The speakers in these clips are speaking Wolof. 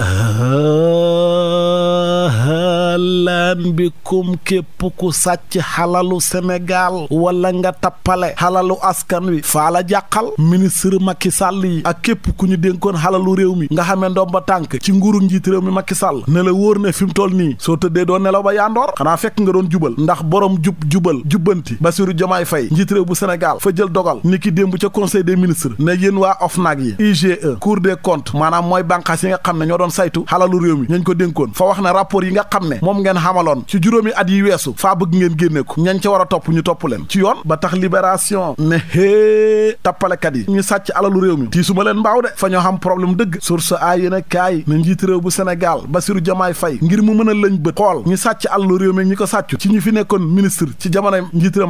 lan bikum képp ku sàcc xalalu Sénégal wala nga tappale xalalu askan wi faa la jàqal ministre Macky sàll yi ak képp ku ñu dénkoon xalalu réew mi nga xamee ba tànk ci nguuru njiit réew mi Macky Sall ne la wóor ne fi mu toll nii soo tëddee doo nelaw ba yaandoor xanaa fekk nga doon jubal ndax borom jub jubal jubbanti Bassirou Diomaye fay njiit réew bu Sénégal fa jël dogal ni ki démb ca conseil des ministres ne yéen waa OFNAC yi mooy bànqaas yi nga xam ne doon saytu xalalu réew mi ñañ ko dénkoon fa wax na rapport yi nga xam ne moom ngeen xamaloon ci juróomi at yi weesu faa bëgg ngeen génne ko ñañ ca war a topp ñu topp leen ci yoon ba tax libération ne hée tappalekat yi ñu sàcc alalu réew mi tii su ma leen mbaaw de fa ñoo xam problème dëgg source a yéen a kaay na njiit réew bu Sénégal Bassirou Diomaye Faye ngir mu mën a lañ xool ñu sàcc alalu réew mi ñi ko sàccu ci ñu fi nekkoon ministre ci jamono njiit a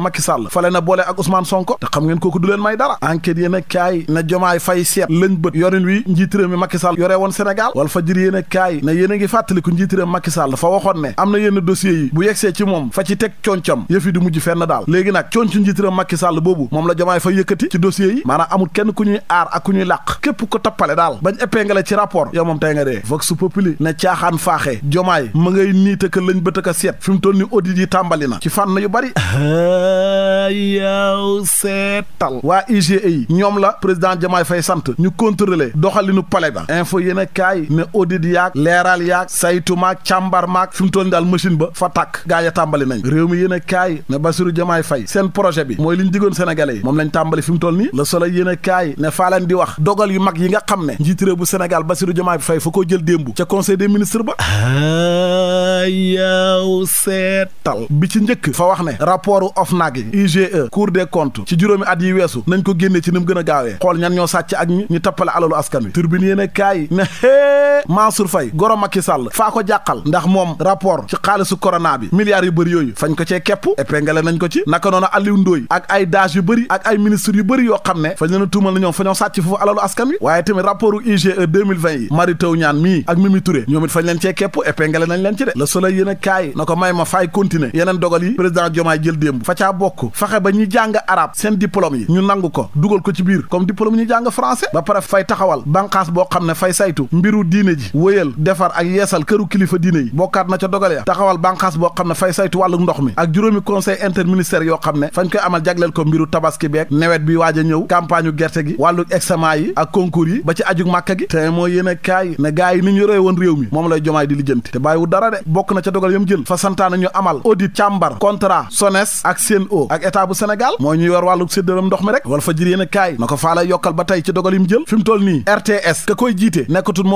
a Walfadjri yéen a kaay ne yéen a ngi fàttaliku njiitiram Macky Sall fa waxoon ne am na yenn dossiers yi bu yegsee ci moom fa ci teg concam yëfi di mujj fenn daal léegi nag conc njiitiram Macky Sall boobu moom la jamaay fa yëkkati ci dossiers yi maanaam amul kenn ku ñuy aar ak ku ñuy làq képp ko tappale daal bañ épinglé ci rapport yow moom tey nga dee vox populi ne caaxaan faaxee jomaay ma ngay niit ak ak a seet fi mu toll yi tàmbali na ci fànn yu bari yaw seetal waa IGE ñoom la président jamaay fay sant ñu contrôler doxalinu palais audit yaag leeral yaag saytu maag càmbar maag fi mu toll ni daal machine ba fa tàkk gaa ya tàmbali nañ réew mi yéen a kaay ne Bassirou Diomaye Faye seen projet bi mooy li ñu digoon sénégalais yi moom lañ tàmbali fi mu toll nii Le Soleil yéen a kaay ne faa leen di wax dogal yu mag yi nga xam ne njiit réew bu Sénégal Bassirou Diomaye Faye fa ko jël démb ca conseil des ministres ba ah, yaaw seetal bi ci njëkk fa wax ne rapportu OFNAC yi IGE Cour de comptes ci juróomi at yi weesu nañ ko génne ci ni gën a gaawee xool ñoo sàcc ak ñu tappale alalu askan Mansour Faye goro Macky Sall faa ko jàqal ndax moom rapport ci xaalisu corona bi milliards yu bëri yooyu fañ ko cee kepp épinglé nañ ko ci naka noonu Aliou Ndoye ak ay dages yu bëri ak ay ministres yu bëri yoo xam ne fa ñoo sàcc foofu alalu waaye tamit rapportu IGE 2020 yi Mary Teuw Niane mii ak Mimi Touré ñoom it fañ leen cee kepp épinglé nañ leen ci de Le Soleil yéen a kaay na ko may ma faay continuer yeneen dogal yi président Diomaye jël démb fa caa bokk faxe ba ñi jàng arab seen diplôme yi ñu nangu ko dugal ko ci biir comme diplôme ñu jàng français ba pare fay taxawal banqaas boo xam ne fay saytu mbiru diine ji wëyal defar ak yeesal këru kilifa diine yi bokkaat na ca dogal ya taxawal banqaas boo xam ne fay saytu wàllu ndox mi ak juróomi conseil interministère yoo xam ne fañ koy amal jagleel ko mbiru tabaski beeg nawet bi waaj a ñëw campagne gerte gi wàllu examen yi ak concours yi ba ci ajug màkka gi te moo yéen a kaay ne gaa yi ni ñu yoree woon réew mi moom lay jomaay di lijjanti te bàyyiwu dara de bokk na ca dogal yam jël fa santaane ñu amal audit càmbar contrat SONES ak CNO ak état bu Sénégal moo ñu yor wàllu séddalam ndox mi rek wala fa jër yéen a kaay na ko tey ci dogal yam mu toll nii RTS ka koy jiite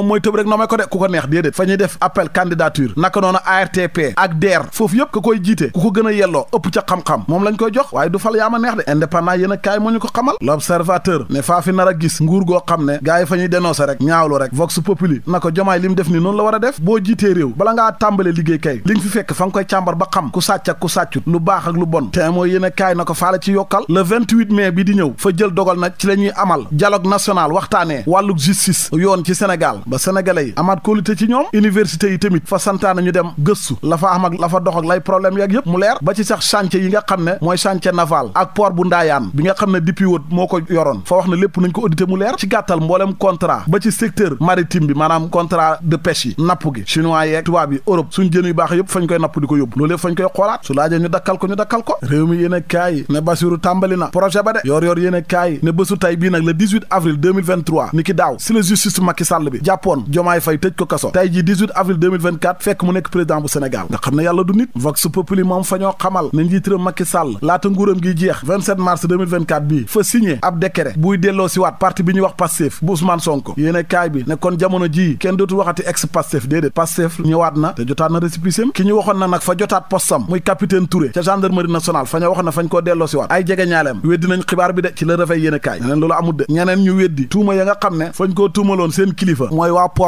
mooy tëb rek nommé ko de ku ko neex déedéet fa ñuy def appel candidature naka noonu ARTP ak DER foofu yëpp ku koy jiite ku ko gën a yelloo ëpp ca xam-xam moom lañ koy jox waaye du fal yaa ma neex de indépendant yéen a kaay moo ñu ko xamal l'observateur ne faa nar a gis nguur goo xam ne gars yi fa ñuy dénoncé rek ñaawlu rek vox populi na ko jomaay li def ni noonu la war a def boo jiitee réew bala ngaa tàmbale liggéey kay li nga fi fekk fa nga koy càmbar ba xam ku sàcc ak ku sàccut lu baax ak lu bon te na ko faala ci yokkal le 28 mai bi di ñëw fa jël dogal ci la ñuy amal dialogue national waxtaanee sénégalais yi amaat kóolute ci ñoom université yi tamit fa santaane ñu dem gëstu la fa am la fa dox lay problème yeeg yëpp mu leer ba ci sax chantier yi nga xam ne mooy chantier naval ak port bu ndaayaan bi nga xam ne depuis moo ko yoroon fa wax ne lépp nañ ko audité mu leer ci gàttal mboolem contrat ba ci secteur maritime bi maanaam contrat de pêche yi napp gi chinois yeeg tubaab yi Europe suñ jën yu baax yëpp fañ koy napp di ko yóbbu loolu fañ koy xoolaat a kaay ne Basiru tàmbali na projet Diomaye Faye tëj ko kaso tey ji 18 fekk mu nekk président bu Sénégal nga xam ne yàlla du nit vox populi moom fa ñoo xamal ne njiitëram Macky Sall laata nguuram gi jeex mars bii fa signé ab décret buy delloo si parti bi ñuy wax Pastef bu Ousmane Sonko yéene kaay bi ne kon jamono jii kenn dootul waxati ex Pastef déedéet Pastef ñëwaat na te jotaat na récépissém ki ñu waxoon na nag fa jotaat postam muy capitaine Touré ca gendarmerie na fañ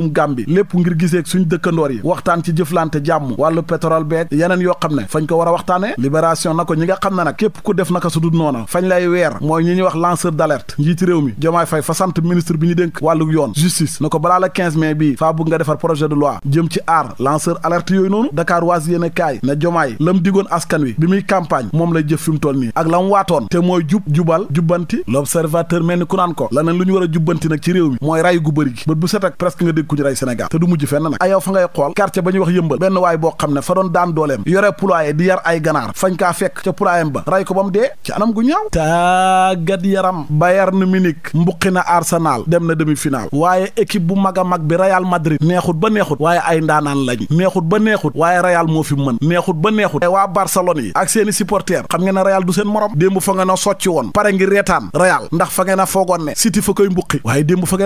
réewum Gàmbi lépp ngir giseek suñ dëkkandoor yi waxtaan ci jëflante jàmm wàllu pétrole beeg yeneen yoo xam ne fañ ko war a waxtaane libération na ko ñi nga xam ne nag képp ku def naka su noona fañ lay weer mooy ñi ñuy wax lanceur d'alerte njiiti réew mi Jomaay Fay fa sant ministre bi ñu dénk wàllu yoon justice na ko balaa la 15 bii faa bëgg nga defar projet de loi jëm ci aar lanceur alerte yooyu noonu Dakar waas yéene kaay Jomaay lam digoon askan ku ñu rey Sénégal te du mujj fenn nag ayow fa ngay xool quartier ba ñuy wax yëmbal benn waay boo xam ne fa doon daan dooleem yore poulailler di yar ay ganaar fañ kaa fekk ca poulailler ba rey ko ba mu dee ci anam gu ñaaw tàggat yaram Bayern Munich mbuqi na Arsenal dem na demi-finale waaye équipe bu mag a mag bi Real Madrid neexut ba neexut waaye ay ndaanaan lañ neexut ba neexut waaye Real moo fi mën neexut ba neexut waa Barcelone yi ak seeni supporters xam ngeen ne du seen morom démb fa ngeen a socc woon pare a foogoon ne City fa koy mbuqi waaye démb fa a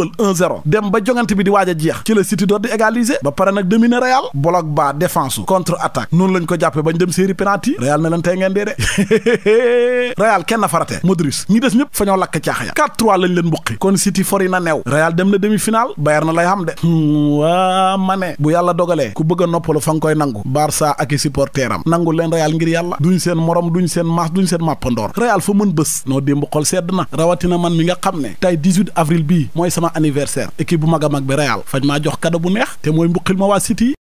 dugal 1-0 dem ba jongante bi di waaj a jeex ci la City door di égaliser ba pare nag dominer Real bloc bas défense contre attaque noonu lañ ko jàppee bañ dem série penalty Real ne leen tey ngeen de Real kenn farate Modric ñi des ñëpp fa ñoo lakk caax ya 4 leen mbuqi kon City fori na neew Real dem na demi-finale Bayern na lay xam de hmm, waa mané bu yàlla dogalee ku bëgg a noppalu fa nga koy nangu Barça ak i supporter nangu leen Real ngir yàlla duñ seen sama anniversaire équipe bu mag a mag bi Real fañ maa jox cadeau bu neex te mooy mbuqil ma waa City